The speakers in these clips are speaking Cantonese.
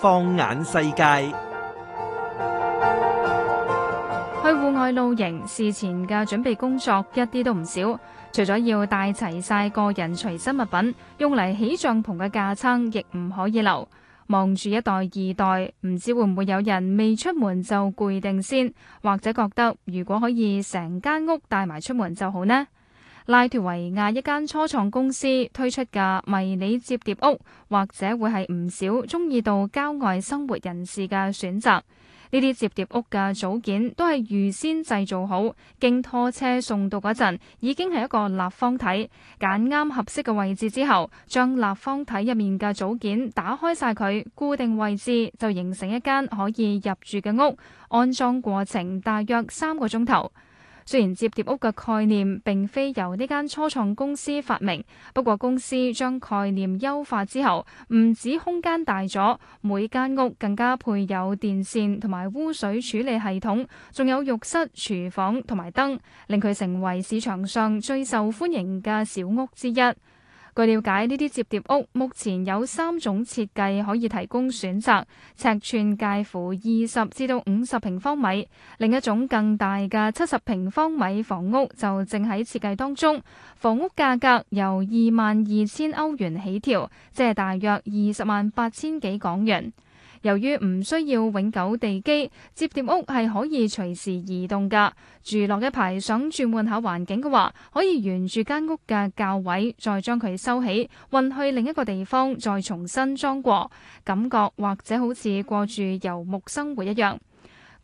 放眼世界，去戶外露營，事前嘅準備工作一啲都唔少。除咗要帶齊晒個人隨身物品，用嚟起帳篷嘅架撐亦唔可以留。望住一袋二袋，唔知會唔會有人未出門就攰定先，或者覺得如果可以成間屋帶埋出門就好呢？拉脱維亞一間初創公司推出嘅迷你摺疊屋，或者會係唔少鍾意到郊外生活人士嘅選擇。呢啲摺疊屋嘅組件都係預先製造好，經拖車送到嗰陣已經係一個立方體。揀啱合適嘅位置之後，將立方體入面嘅組件打開晒佢，固定位置就形成一間可以入住嘅屋。安裝過程大約三個鐘頭。雖然摺疊屋嘅概念並非由呢間初創公司發明，不過公司將概念優化之後，唔止空間大咗，每間屋更加配有電線同埋污水處理系統，仲有浴室、廚房同埋燈，令佢成為市場上最受歡迎嘅小屋之一。據了解，呢啲折疊屋目前有三種設計可以提供選擇，尺寸介乎二十至到五十平方米，另一種更大嘅七十平方米房屋就正喺設計當中。房屋價格由二萬二千歐元起跳，即係大約二十萬八千幾港元。由於唔需要永久地基，摺疊屋係可以隨時移動㗎。住落一排想轉換下環境嘅話，可以沿住間屋嘅較位再將佢收起，運去另一個地方再重新裝過，感覺或者好似過住遊牧生活一樣。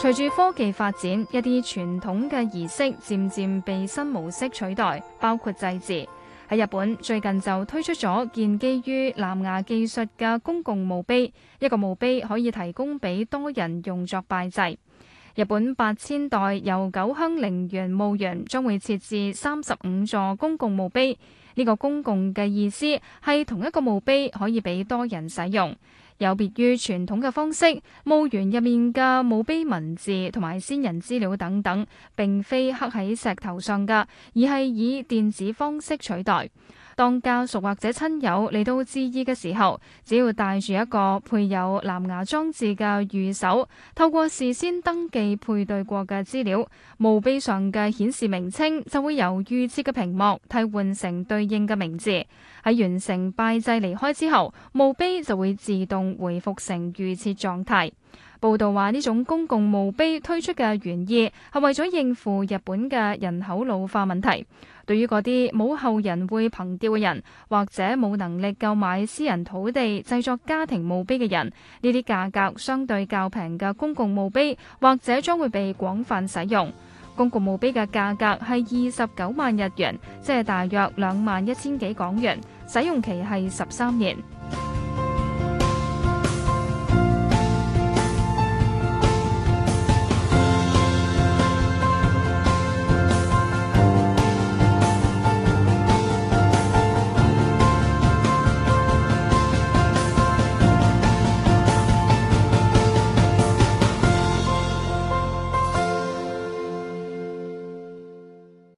隨住科技發展，一啲傳統嘅儀式漸漸被新模式取代，包括祭祀。喺日本最近就推出咗建基於藍牙技術嘅公共墓碑，一個墓碑可以提供俾多人用作拜祭。日本八千代由九鄉陵園墓園將會設置三十五座公共墓碑，呢個公共嘅意思係同一個墓碑可以俾多人使用。有別於傳統嘅方式，墓園入面嘅墓碑文字同埋先人資料等等，並非刻喺石頭上㗎，而係以電子方式取代。當家屬或者親友嚟到致意嘅時候，只要帶住一個配有藍牙裝置嘅玉手，透過事先登記配對過嘅資料，墓碑上嘅顯示名稱就會由預設嘅屏幕替換成對應嘅名字。喺完成拜祭離開之後，墓碑就會自動回復成預設狀態。報道話呢種公共墓碑推出嘅原意係為咗應付日本嘅人口老化問題。對於嗰啲冇後人會憑弔嘅人，或者冇能力購買私人土地製作家庭墓碑嘅人，呢啲價格相對較平嘅公共墓碑，或者將會被廣泛使用。公共墓碑嘅價格係二十九萬日元，即係大約兩萬一千幾港元，使用期係十三年。